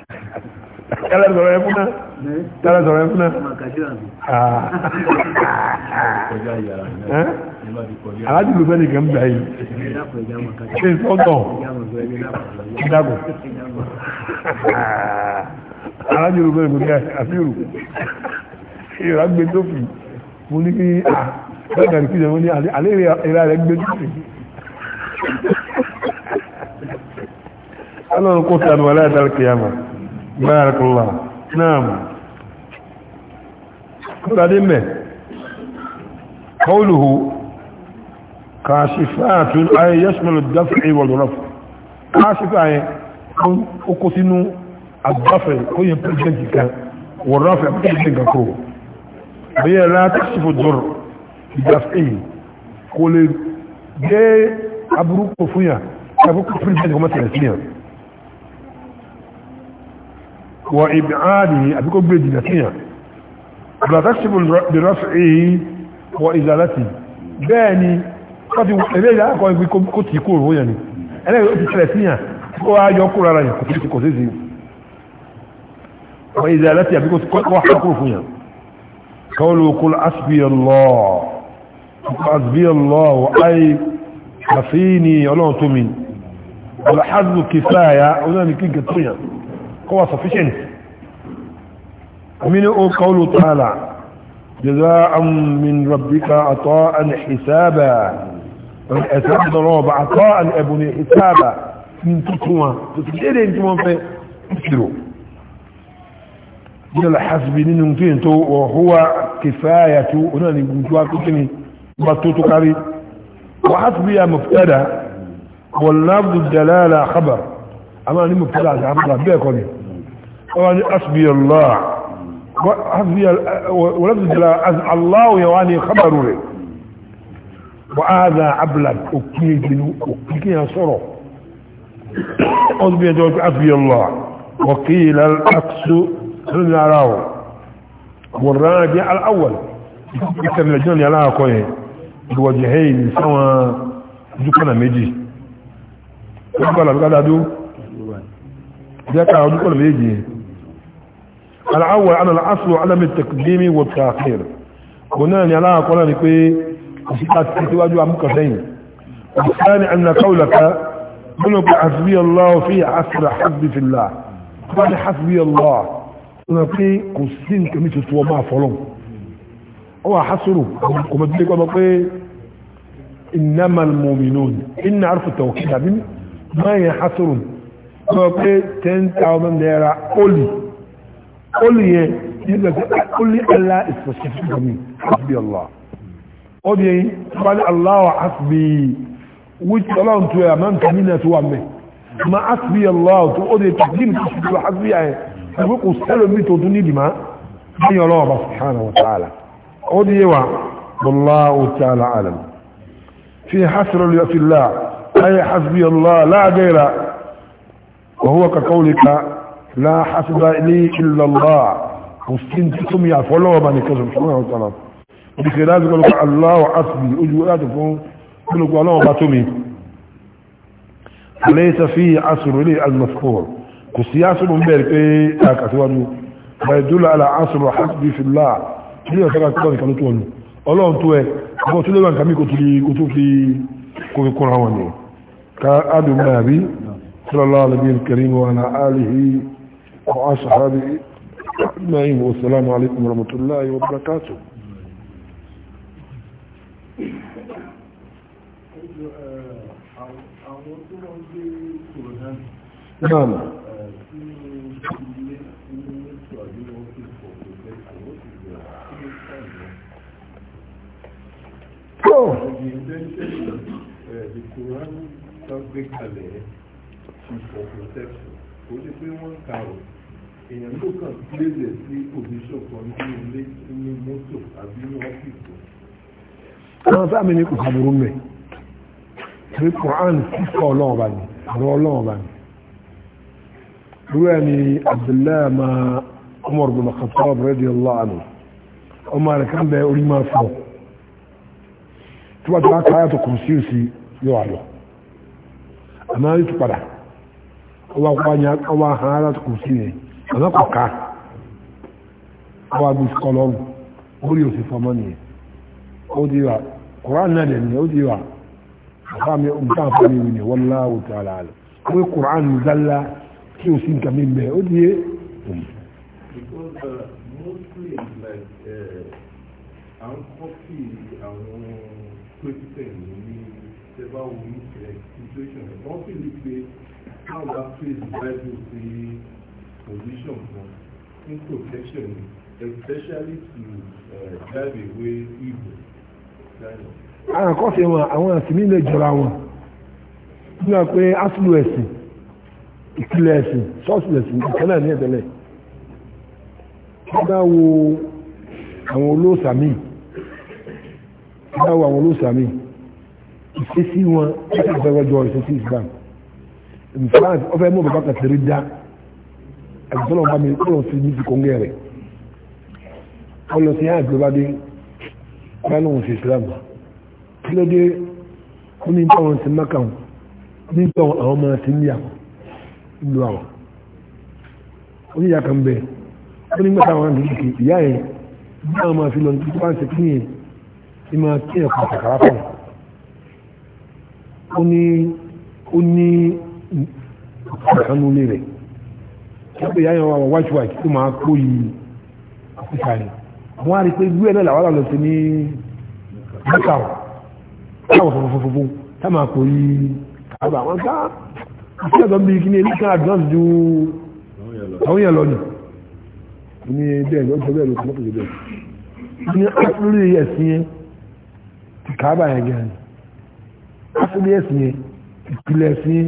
Tẹ́lẹ̀ sọ̀rọ̀ ẹkún náà. Tẹ́lẹ̀ sọ̀rọ̀ ẹkún náà. Ah. Aláàjì ló fẹ́ni kan gbà yìí. Ṣé sọ́tọ̀? Ìdàgbò. Ah. Aláàjì ló fẹ́ni kan gbà àfihàn. Ìrà gbé tófì. Mo ní kí ah, bẹ́ẹ̀ ni kíjọ mo ní alẹ́ ìrà rẹ̀ gbé tófì. Ọlọ́run kó sanu aláìdá kìyàmà bárakàlá náà kúrọ̀dé mẹ́ kọlùhù kàṣífàtún ayé yẹ́ṣmọ̀lù dáfẹ́ ìwọ̀lọ́rọ̀fẹ́ kàṣífà ayé ó kó sínú àgbáfẹ́ ó yẹ pẹ́jẹ́ntì kan wọ̀rọ̀fẹ́ pẹ́jẹ́ntì kan kó bẹ́yẹ̀ látàṣífò dọ̀rọ̀ ìdáfẹ́ kó lè gẹ́ aburúkọ fún yà وإبعاده أبيكو بيدي نسيا لا تكسب برفعه وإزالته باني قد إليه لا أكو أبيكو كنت يكون هو يعني أنا يؤتي ثلاثين هو أجي أقول علي كنت كنت وإزالته أبيكو واحد أقول يعني. هو يعني قولوا قل أسبي الله أسبي الله أي كفيني ولو تمين الحظ كفاية ونالكين كتريا kọwa sufficient aminu o kawo ta'ala jaza'an min rabbika ata'an hisaba wani ẹ̀sẹ̀ da rọba ata'an ẹ̀bù ne hisaba min tutuwa to su jere yin tuwon fẹ́ ìṣirò jẹ́ alhasbi nínú tuyin tó wọ̀ huwa kifayatu onáà ni guntuwa kúkini ba tó tó kárí وحسبي مبتدا واللفظ الدلاله خبر اما ني مبتدا خبر بيه كوني wani asbi Allah hasbi wani jira Allah ya wani khabaru ne wa aza ablan okiye ginu okiye ya sọ̀rọ̀ ọdún ẹjọ́ asbi Allah wa qila al-aqsu rin arawo wọ̀nrán jẹ́ al'awwal ìkẹrìnlẹ̀ jẹ́ ni aláàkọ́ yẹn ìwọ̀jẹ̀ hẹ́yìn sáwọn ojúkọ̀nà méjì ojúkọ̀nà méjì jẹ́ ká ojúkọ̀nà méjì yẹn الأول أنا الأصل علم التقديم والتأخير هنا لا أقول لك تتواجه مكسين الثاني أن قولك قلت حسبي الله في عصر حسبي في الله قال حسبي الله ونقي قسين كميت سوى ما فلون هو حسره ومدلك ونقي إنما المؤمنون إن عرف التوكيد ما هي حسر ونقي تنتع من ديرا قولي قل ايه قل لي الله استشفيكم حسبي الله قل ايه قال الله حسبي وجه الله انتو يا مان كمينة توامي ما حسبي الله تقول ايه تقديم تشفيك حسبي ايه تقول سلم بيتو تني لما اي الله سبحانه وتعالى قل ايه والله تعالى عالم في حسر في الله اي حسبي الله لا غير وهو كقولك لا حسب لي إلا الله وستنتكم يا فلو ما نكسب سبحانه وتعالى وبخلاف قالوا الله حسبي أجواتكم قالوا الله باتمي ليس فيه عصر لي المذكور كسياس من بيرك ايه تاكتوانو ويدل على عصر حسبي في الله ليه تاكتوانو كانتوانو ọlọ́run tó ẹ ọmọ tó lẹ́wọ̀n kàmí kò tó fi kòrò kòrò àwọn ni ká ádùn náà rí sọ́lọ́lá alẹ́bí kẹrin wọn àlàáhìí وأصحابه أجمعين والسلام عليكم ورحمة الله وبركاته نعم Oh. The Quran does big kò ṣe pé wọ́n ń ka ọ̀ èèyàn ló kàn léde sí position kan ní ilé ní mọ́tò àbí ní ọ́fíìsì. àwọn sáàmì ní kò kàbúrú mẹ́ torí Quran kíkọ́ ọlọ́run bá ní àrọ́ ọlọ́run bá ní. rúwẹ́ ni Abdullahi ma Umar bin Khattab radiyallahu anhu ọmọ kan bẹ orí máa fọ́ tí wọ́n ti wá káyàtọ̀ kùrùsí sí yóò wà lọ àmọ́ yóò ti padà ọwọ́ kwanya ọwọ́ ahọ́n ara kò sí rẹ̀ ọ̀nà kọ̀ọ̀ká ọwọ́ agbó sí orí òsì fọmọ nìyẹn ó di wa kùránì náà dẹ̀ ó di wa ọ̀fà mi nǹkan àfọ̀mí mi ni wọ́n láwù tó ara rẹ̀ ó wé kùránì zálá kí o sí nǹkan mi bẹ́ẹ̀ ó di yé. Because uh, uh, uh táwọn bá fèsì bible pé position for in protection especially to uh, drive away evil. Ah, àwọn àkọsí wọn àwọn àtìmí lè jọra wọn bí wọn pé asúlù ẹ̀sìn ìpìlẹ̀ ẹ̀sìn ṣọ́ọ̀ṣì ẹ̀sìn ìkànnà ní ẹ̀bẹ̀lẹ̀ bá wo àwọn olóòsàmì bá wo àwọn olóòsàmì ìfésí wọn ẹ̀sìn ìfẹ́wọ́jọ ìfésí Islam in fact ọfẹ mú bàbá kan sẹrí dá ẹgbẹsọlọ bá mi kúrò sí ní ti kóńgẹ rẹ ọlọ sí àgbẹ bá dé báyìí lòun ṣe islam kí ló dé ó ní báwọn ti máka wọn ní báwọn àwọn ọmọ ti ní àwọn ìlú àwọn oníyà kan bẹ ó ní gbàtà àwọn àgbẹ kìkì ìyá yẹn bí àwọn máa fi lọ nípa bá kí yẹn ni máa kí ẹ̀kọ́ àkàrà fún un ní ó ní ọ̀sánú lé rẹ̀ kẹ́pẹ́ yáyọ̀ wà wáṣí wáṣí tó máa kó yìí àfíkà ni wọ́n á rí pé gbé ẹ̀lẹ́ làwọn àlọ́ sí ní mẹ́ta ọ̀ káwọ̀ fọfọfọfọ tá máa kó yìí káàbà wọn ká iṣẹ́ ọ̀dọ́ bíi kí ni èyí kan advance ju àwọn yẹn lọ nì ní bẹ́ẹ̀ ló ń sọ bẹ́ẹ̀ ló kọ́ bẹ́ẹ̀ ní asúlù ẹ̀sìn yẹn ti káàbà yẹn gẹ̀ẹ́ni asúlù ẹ̀sìn yẹn ìpìlẹ̀ ẹ̀sìn yẹn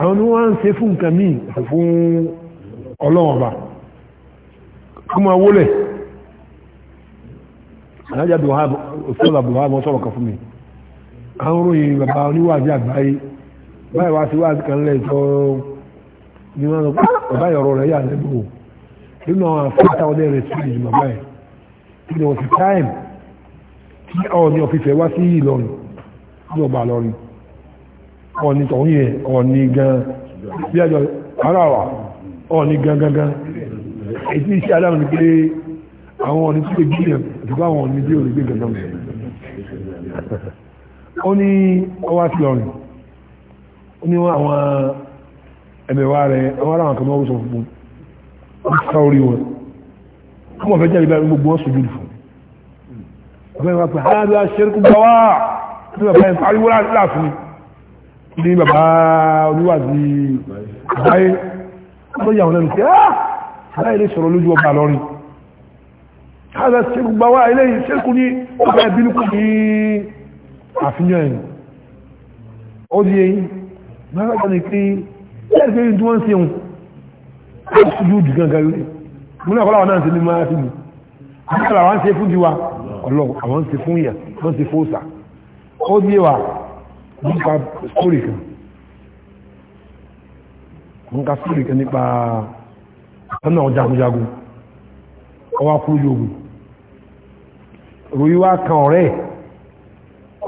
àwọn ni wọ́n ń ṣe fún nǹkan míì fún ọlọ́wọ̀ba kó máa wólẹ̀ alájà òṣèlú àbúhá mọ́ sọ̀rọ̀ kan fún mi àwọn ròyìn bàbá oníwàájú àgbáyé báyìí wá sí wáàzí kan lẹ́ẹ̀tọ́ ni wọ́n lọ ah, bàbá ìyọ̀rọ̀ rẹ̀ yà lẹ́bù nínú àwọn àfáàtà ọdẹ rẹ̀ sí ìlú bàbá ẹ̀ kí ni wọ́n ti táìmù tí ọ̀ ní ọ̀fíìsẹ̀ wá sí Ìlọrin ní ọba ọ̀ní tọ̀hún yẹ ọ̀ní gan bí ẹjọ́ ara wà ọ̀ní gan ètí iṣẹ́ adáhùn ni pé àwọn ọ̀ní tí ó gbé yẹn àtúkọ́ àwọn ọ̀ní tí ó gbé gangan mọ̀ ó ní ọwá sí ọ̀rìn ó ní àwọn ẹ̀bẹ̀wá rẹ̀ àwọn aráwọn kan mọ́ sọ fún ó ti sá orí wọn ó mọ̀ fẹ́ jáde báyìí gbogbo wọn sojú fún ọ̀fẹ́ wọn pé ha bí a ṣe é kú gbà wá ó ti bàbá yẹn pariwo láàfin ní bàbá oníwàzí àbáyé tó yà wọn lẹ́nu pé aláì ah! lè sọ̀rọ̀ lójú ọba lọ́rin káàdà sẹ́kù gba wá ilé ìṣẹ́kù ní ọba ìbínú kù ní àfihàn ẹ̀yìn ó di eyín gbára ní pé ẹ̀rì pé tí wọ́n ń seun ó sì yóò jù gan gari múlẹ̀ ọ̀kọ́ làwọn náà ń ṣe ní máa fi mú àwọn àwọn ń ṣe fún tiwa ọlọ́ àwọn ń ṣe fún yà wọ́n ṣe fún òsà ó di wa nípa story kan nípa story kan nípa ọ̀nà jagunjagun ọwá kúrú yóò ròyìn wá kan ọ̀rẹ́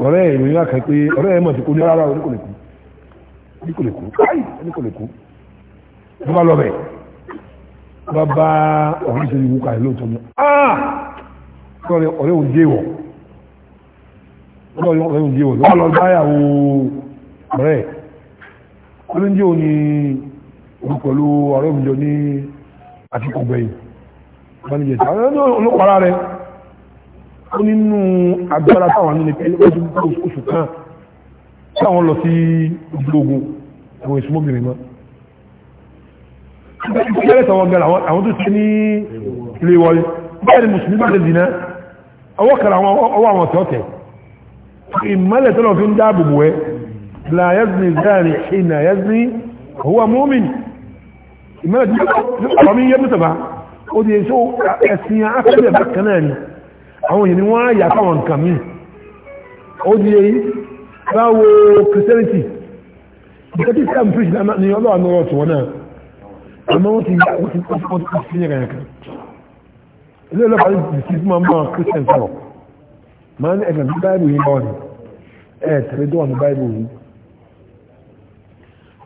ọ̀rẹ́ ìròyìn wá kan pé ọ̀rẹ́ ẹ̀mọ̀ ti kú ní rárá oníkò lè kú oníkò lè kú káì oníkò lè kú ló bá lọ́bẹ̀ bá bá ọ̀rẹ́ ìṣẹ́lẹ̀ ìwúkà ìlóòtọ́ mi ah ọ̀rẹ́ òun jẹ́ ìwọ̀n ọlọ́run díẹ̀ òní wọ́n lọ báyàwó rẹ̀ ọlọ́run díẹ̀ òní òun pẹ̀lú ọ̀rọ̀ òmìnjọ ní àtìkù gbẹ̀yìn wọ́n ni jẹ́ ta olókọ̀ọ́rá rẹ̀ ó nínú agbára táwọn nínú pẹ̀lú ọdún oṣù kan táwọn lọ sí ojúlógún ẹ̀wọ̀n ìsúnmọ́bìnrin mọ́ ìpínlẹ̀ tọwọ́ gẹ̀rẹ̀ àwọn tó ti ní ilé wọlé báyìí mùsùlùmí bá ti dìnnà ọwọ́ kẹrẹ àwọn ọwọ́ àwọn ọ̀tẹ̀ ọ̀tẹ̀ ìmọ́lẹ̀ tọ́lọ̀ fi ń dáàbò bò ẹ́ la yazni zani hina yazni huwa mu'min ìmọ́lẹ̀ tí ó mi yẹ mùsàfà ó di èso ẹ̀sìn afẹ́lẹ̀ bákan náà ni àwọn èèyàn ni wọ́n á yà fáwọn nǹkan mi ó di èyí báwo christianity ìjọ tí sam preach ní ọlọ́wà ní ọ̀rọ̀ tiwọn náà àmọ́ wọ́n ti yà wọ́n ti fi yẹ̀kẹ̀yẹ̀kẹ̀ ilé ọlọ́pàá ti ti fún ọmọ christian sọ̀rọ̀ máa ní ẹ̀kàn bí báìbù yìí bọ́ ni ẹ̀ tẹ̀lé tó wà ní báìbù yìí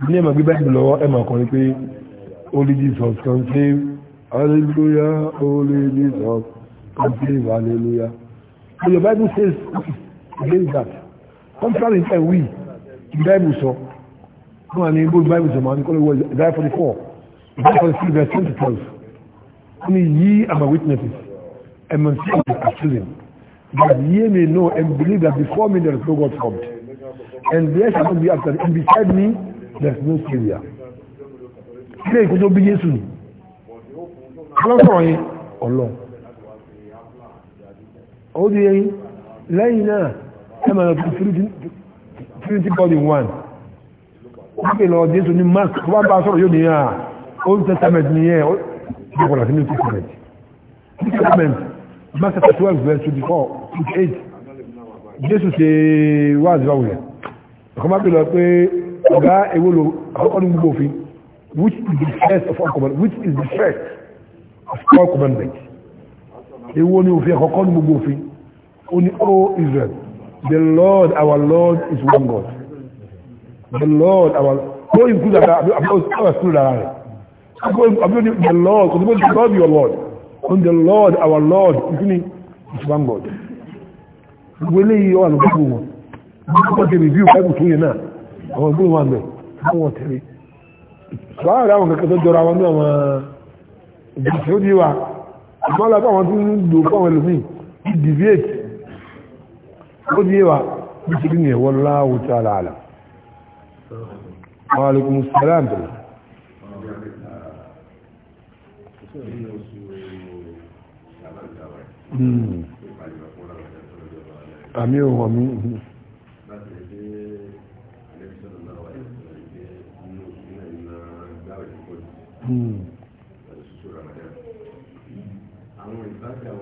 ní ẹ̀mà gbé báìbù lọ́wọ́ ẹ̀mà kan ní pé holy jesus can save hallelujah holy jesus can save hallelujah but your bible says against that contrary to we the bible sọ wọn ni gbogbo bible sọ máa ní kọ́lé wọ Isaiah forty four Isaiah forty three verse twenty twelve wọn ni yí àmà witnesses ẹ̀mà sí ọ̀dọ̀ àtúnṣe But ye may know and believe that before me there is no God formed. And there shall not be after And beside me there is no Savior. Ilé ìkó tó bí Jésù ni. Ọlọ́sọ̀rọ̀ yẹn ọ̀lọ́. Ó di yẹn lẹ́yìn náà ẹ máa fi Trinity body one. Ó pè lọ Jésù ní Mark tó bá bá sọ̀rọ̀ yóò ní à ah, Old Testament ni yẹn ó ti kọ̀ọ̀lá sí New Testament. New Testament Mark 12 verse 24 28 Jésù ṣe wáàzì báwo yẹn ọkọ̀ máa bèèrè pé ọ̀gá ewé lo ní gbogbo òfin which is the first of all commandments which is the first of all commandments ewé ní òfin àkọ́kọ́ ní gbogbo òfin ó ní o Israel the Lord our Lord is one God the Lord our no include that abu abu abu abu abu abu abu the Lord kò tó bó ti love your Lord on the lord our lord ìkíni ìṣùgbọ́n god gbogbo eléyìí wà ní gbogbo wọn gbogbo tẹ̀lé bí bible tó yẹ náà àwọn ìgbóhùn wọn bẹ̀ àwọn tẹ̀lé ṣùgbọ́n àwọn kẹ̀kẹ́ tó jọra wọn ní àwọn ìgbà tí ó di wa ìgbọ́n lápá àwọn tó ń lò fún àwọn ẹlòmíì ní deviate ó di wa bí ti ní ẹ̀wọ́ láwù tí a là àlà wa alaikum salaam Hmm. àmì òhàn mi àwọn ìbáṣẹ àwọn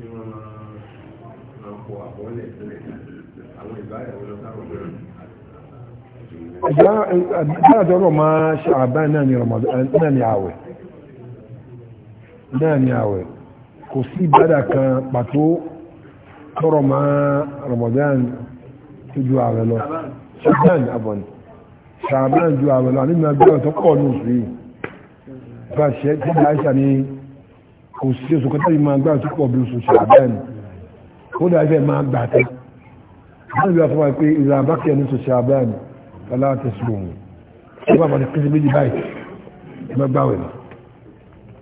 tí wọ́n máa ń kọ àbọ̀lẹ̀ sílẹ̀ àwọn ìbáyàwó lọ sáwọn mìíràn. Ìjá àjọ́rọ̀ máa ṣàbá náà ni àwẹ̀. Náà ni àwẹ̀. Kò sí ìbádà kan pàtó tọ́rọ máa Ramadan tó ju àwẹ̀ lọ. Ṣàbán àbọ̀nì. Ṣàbán ju àwẹ̀ lọ. Àníbi máa gbé ọ̀tọ́ ní òṣèré. Bá ṣe tí kò sí oṣù kọtà yìí máa gbà tó pọ̀ bí oṣù ṣàbẹ́n ó dà fẹ́ máa gbà tẹ́ wọ́n bí wọ́n fọwọ́ pé ìlà abákẹ́ ní oṣù ṣàbẹ́n kọlá tẹ̀sùn òun ó bá fọ́n kí méjì báyìí ẹgbẹ́ gbàwẹ̀ lọ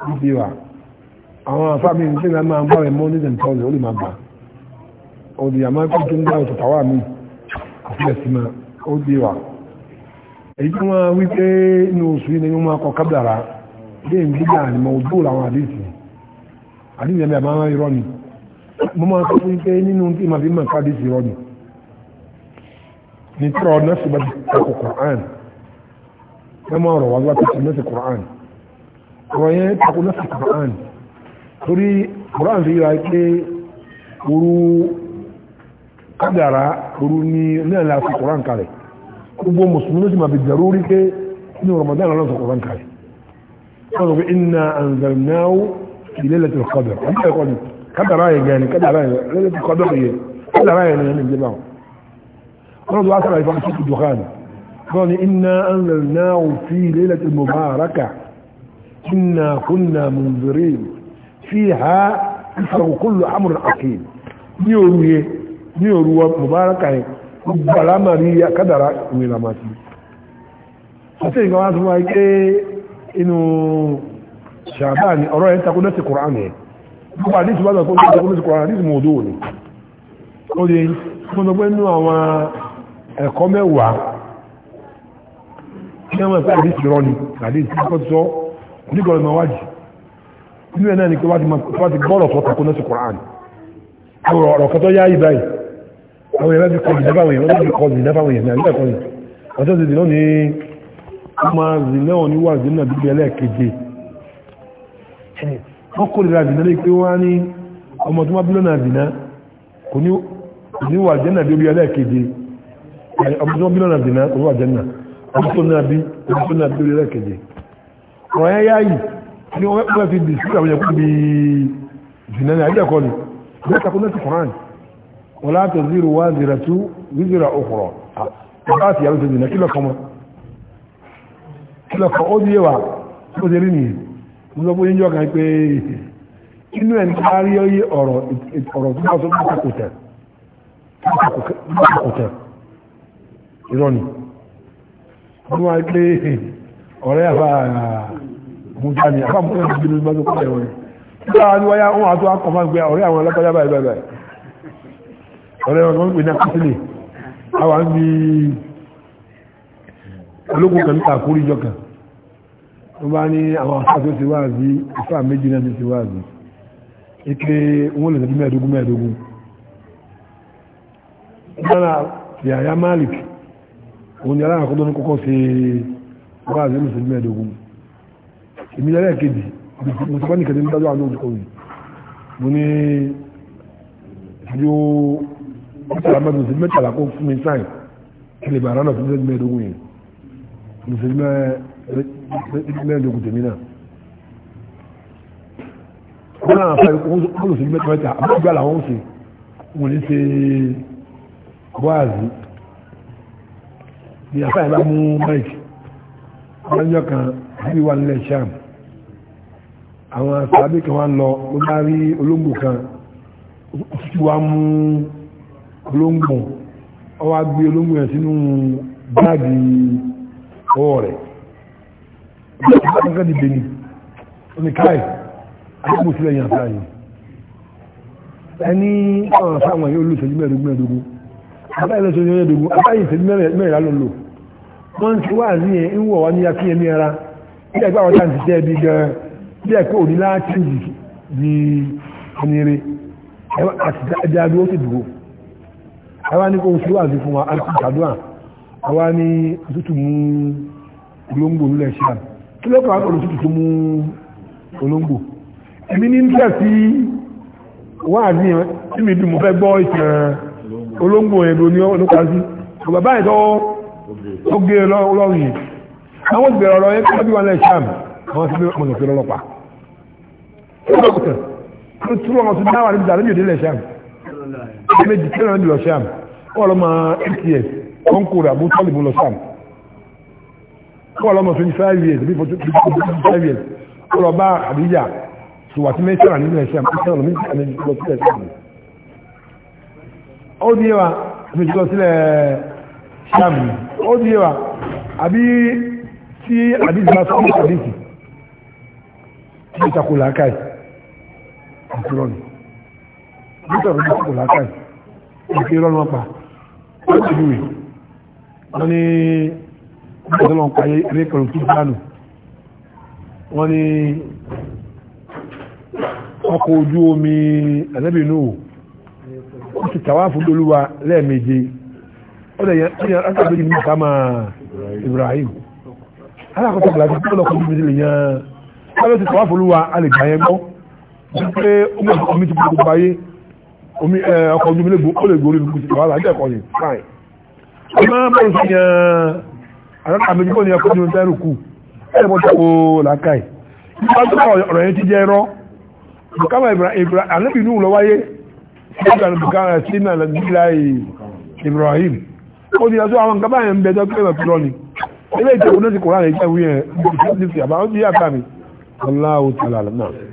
níbi wa àwọn afáàmì ní sẹ́yìn máa ń gbàwẹ̀ mọ́ ní tẹ̀sán ó lè máa gbà ó di àmọ́ ẹgbẹ́ tó ń gbà oṣù tàwa mi àfihàn sí máa ó di wa èyí tí wọ́n wí pé inú oṣù yìí ni wọ́n máa kọ kábàrà bí èyí ń gbígbà ni mo dúró àwọn àdéhùn àdíjẹ́ bí àbáwọn irọ́ ni mo máa sọ fún pé nínú tí màá fi mọ̀ ká díjì irọ́ ni ní tí ọ̀rọ̀ náà sì bá ti kọ Qur'an ẹ máa rọ̀ wá wá tó ti náà sì Qur'an ọ̀rọ̀ yẹn tako náà sì Qur'an torí Qur'an fi ra pé òru kádàrá òru ni náà la fi Qur'an kalẹ̀ gbogbo mùsùlùmí ló sì máa fi dẹ̀rú rí pé nínú Ramadan lọ́sọ̀ Qur'an kalẹ̀ في ليلة القدر أنت يقول كذا رأي يعني كذا رأي ليلة القدر هي كذا رأي يعني الجماعة رضو عسل عفان سوق الدخان قال إنا أنزلناه في ليلة المباركة إنا كنا منذرين فيها يفرق كل أمر حكيم نيوروه نيوروه مباركة gbàrá màríyà kádàrá ìwé làmàtí àti ìgbàwà tó wáyé inú ṣàbáà ni ọ̀rọ̀ ẹ̀ ń takó lẹ́sì kùránì ẹ̀ nípa àdíṣì bá sọ pé ó takó lẹ́sì kùránì àdíṣì mọ̀ọ́dọ́ òní ó lè fún ọgbẹ́ nínú àwọn ẹ̀kọ́ mẹ́wàá kí wọ́n fẹ́ àdíṣì rọ́ ni àdíṣì kọ́ sọ onígbọ̀n ìmọ̀ wájì nínú ẹ̀ náà ni pé wá ti gbọ́rọ̀ tó takó lẹ́sì kùránì àwọn ọ̀rọ̀ kẹtọ́ yá yìí báyìí ọjọ́ ti náà ni ọmọ zìnà oníwà zìnà bíbí ẹlẹ́ẹ̀keje wọ́n kórìíra àbìnà lè pé wọ́n á ní ọmọ tó máa bí lọ́nà àbìnà kò ní wà jẹ́nà bí orí ẹlẹ́ẹ̀keje ọmọ tó máa bí lọ́nà àbìnà kò ní wà jẹ́nà ọmọ tó náà bí ọmọ tó náà bí orí ẹlẹ́ẹ̀keje ọ̀rọ̀ ẹ̀ yá yìí ni wọ́n lọ́gbọ́n yíjọ́ kan pé inú ẹ̀ ń kárí ọyẹ ọ̀rọ̀ ọ̀rọ̀ tó bá sọ fún kòkòtẹ̀ kòkòtẹ̀ irọ́ ni wọ́n máa pé ọ̀rẹ́ àfà múta ni àfà múta ni bínú bá tó kọ́ ẹ̀wọ̀n nígbà wọn wáyá wọn àtọ́ akọ̀fà pé ọ̀rẹ́ àwọn alágbájá báyìí báyìí ọ̀rẹ́ wọ́n bá ní àwọn àṣàtò ti wá sí ìfà méjì náà ti wá sí ike wọ́n lè tẹ́bí mẹ́ẹ̀dógún mẹ́ẹ̀dógún lára yàyà malik òun ni aláàkọ́ tó ní kọ́kọ́ sí wá sí mẹ́ẹ̀dógún mẹ́ẹ̀dógún èmi lẹ́rẹ̀ kejì mo sọ fẹ́nìkẹ́ ní dájọ́ àwọn olùkọ́ yìí mo ní yóò mẹ́tàlá mẹ́tàlá mẹ́tàlá kó fún mi sáì kí lè bàrá náà fún mẹ́ẹ̀dógún yìí mẹ́rìndínlógún tèmi náà wọ́n náà fẹ́ olùsèlú mẹ́tẹ̀mẹ́ta àbúgbà làwọn ń ṣe wọ́n ní ṣe wáàzí ní àfáà bá mú mike lọ́jọ́ kan bí wà nílẹ̀ sham àwọn sàbí kan wá lọ ó bá rí olóńgbò kan tí wá mú olóńgbò ó wá gbé olóńgbò yẹn sínú báàgì ọwọ́ rẹ̀ ọ̀gá ni benin omi káì àdúgbò sílẹ̀ yàn fún àyè ẹni ọ̀rọ̀ sáwọn yóò lò ìṣẹ́jú mẹ́ẹ̀ẹ́dógún mẹ́ẹ̀ẹ́dógún abáyé lọ́sọ̀ yóò mẹ́ẹ̀ẹ́dógún abáyé ìṣẹ́jú mẹ́ẹ̀ẹ́dá ló lò wọ́n ti wá ní ẹ̀ ń wọ̀ wá ní akínyẹ ní ara bí ẹgbẹ́ àwọn táǹtì tẹ́ ẹbí gan bí ẹ̀kọ́ òní láti di onire àti àdúgbò ó sì dùgbò àwa ní kò sí wà sí fún wa àti àdúrà àwa ní òtútù mú olóńgbò nílẹ̀ ṣáà kí ló kàn án olùtútù tó mú olóńgbò èmi ní nígbà tí wọ́n á ní tí mi dùn mo fẹ́ gbọ́ ìtàn olóńgbò yẹn ló ní olóka sí bàbá yẹn tó e ó gé lọ́rùn yìí àwọn ti bẹ̀rẹ̀ ọ̀rọ̀ yẹn kí wọ́n bí wọn lẹ́ sàm kọ́ lọ́mọ 25 years bí 25 years kọ́ lọ bá àdíjà ṣùgbà tí mẹ́sàn-án nínú ẹ̀ṣẹ́ àmì mẹ́sàn-án nínú ẹ̀ṣẹ́ lọ sílẹ̀ sáàmù ó di ẹwà àmì lọ sílẹ̀ sáàmù ó di ẹwà àbí tí àdíjà bá sọ́mọ́ àdíjì tí ó takò làákàì àtúrọ̀nù nítorí ó takò làákàì àti ìrọ̀nù ọ̀pá ó ti dùn wọ́n ọ̀dọ́lọ́n pàyẹ rékọrù tó dánù wọ́n ni ọkọ̀ ojú omi ẹ̀lẹ́bìnú ó ti tàwà fún olúwa lẹ́ẹ̀méje ọdẹ̀yẹn kama Ibrahim alákọ̀ọ́tọ̀ gbàlájú tó lọ́kọ̀ ojú méjìlè yẹn ọdọ̀ ti tàwà fún olúwa alìgbàyẹn gbọ́ wípé omi ti gbogbo ayé ọkọ̀ ojú méjìlè ó lè gbórí gbogbo ti tàwà láti ẹ̀kọ́ yìí fine àtàkà méjì kò ní ẹkọ́ ní oúnjẹ rùkú ẹ̀rẹ́ mọ́ta o làákàì nípa tó bá ọ̀rọ̀ yẹn ti jẹ́ ẹ̀rọ bukama ibrahim alẹ́bí inú lọ wáyé sílẹ̀ bukama sínú alẹ́bílá ibrahim ó ní ọjọ́ àwọn gábà yẹn ń bẹjọ́ pé wọ́n lọ ni ilé ìtẹ̀kùn náà ti kọ̀ láàrin ìjẹ́ ìwé yẹn ní fi àbáwọ́ sí àtàmì ọlá òtàlà náà